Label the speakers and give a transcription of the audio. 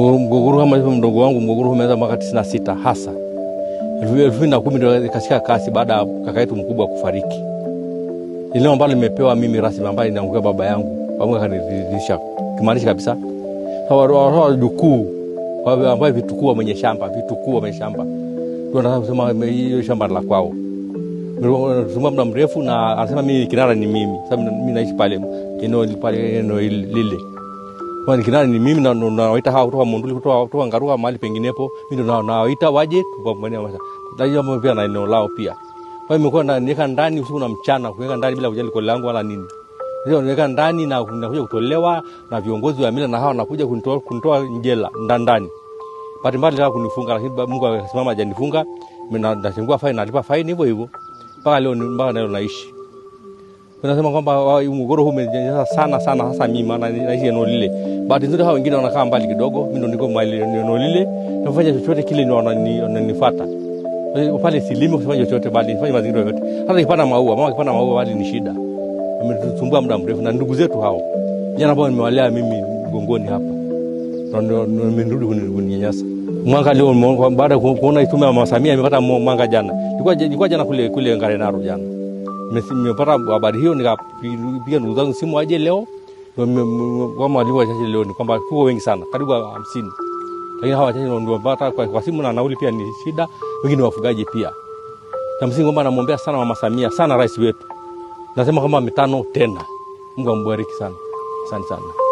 Speaker 1: mgogoro kama hivyo. Mdogo wangu mgogoro umeanza mwaka tisini na sita hasa elfu mbili na kumi ndo ikashika kasi baada ya kaka yetu mkubwa kufariki. Ile ambalo nimepewa mimi rasmi ambayo inaangukia baba yangu pamoja kaniridhisha kimaanisha kabisa wajukuu ambayo vitukuu mwenye shamba vitukuu mwenye shamba tunataka hiyo shamba la kwao tumia muda mrefu, na anasema mimi kinara ni mimi. Sasa mimi naishi pale eneo lile Kwani kinani ni mimi na nawaita hao kutoka Monduli kutoka kutoka Ngaruka mahali penginepo, mimi ndo nawaita waje kwa mwenye masa daji hapo pia na eneo lao pia. Kwa hiyo nimekuwa naweka ndani usiku na mchana, kuweka ndani bila kujali kole langu wala nini. Ndio naweka ndani na nakuja kutolewa na viongozi wa mila na hao nakuja kunitoa kunitoa njela ndani. Bahati mbaya nilitaka kunifunga, lakini Mungu akasimama hajanifunga. Mimi nashangua faini, nalipa faini hivyo hivyo mpaka leo, mpaka leo naishi. Unasema kwamba mgogoro huu umejenga sana sana, hasa mimi maana naishi eneo lile. Bahati nzuri hao wengine wanakaa mbali kidogo, mimi ndo niko mali eneo lile, nafanya chochote kile, ni pale. Silimi kufanya chochote, bali fanya mazingira yote, hata kipanda maua, mama kipanda maua, bali ni shida, umetusumbua muda mrefu, na ndugu zetu hao jana ambao nimewalea mimi mgongoni hapa nimerudi kuninyanyasa mwanga leo. Baada ya kuona tume ya Mama Samia imepata mwanga jana, nilikuwa jana kule kule Ngarenaro jana Nimepata habari hiyo nikapiga ndugu zangu simu aje leo, kama walivyo wachache leo ni kwamba tuko wengi sana, karibu hamsini, lakini hawa wachache ndio mpata kwa simu, na nauli pia ni shida, wengi ni wafugaji pia. na msingi kwamba namwombea sana Mama Samia sana, rais wetu, nasema kwamba mitano tena, Mungu ambariki sana, asante sana.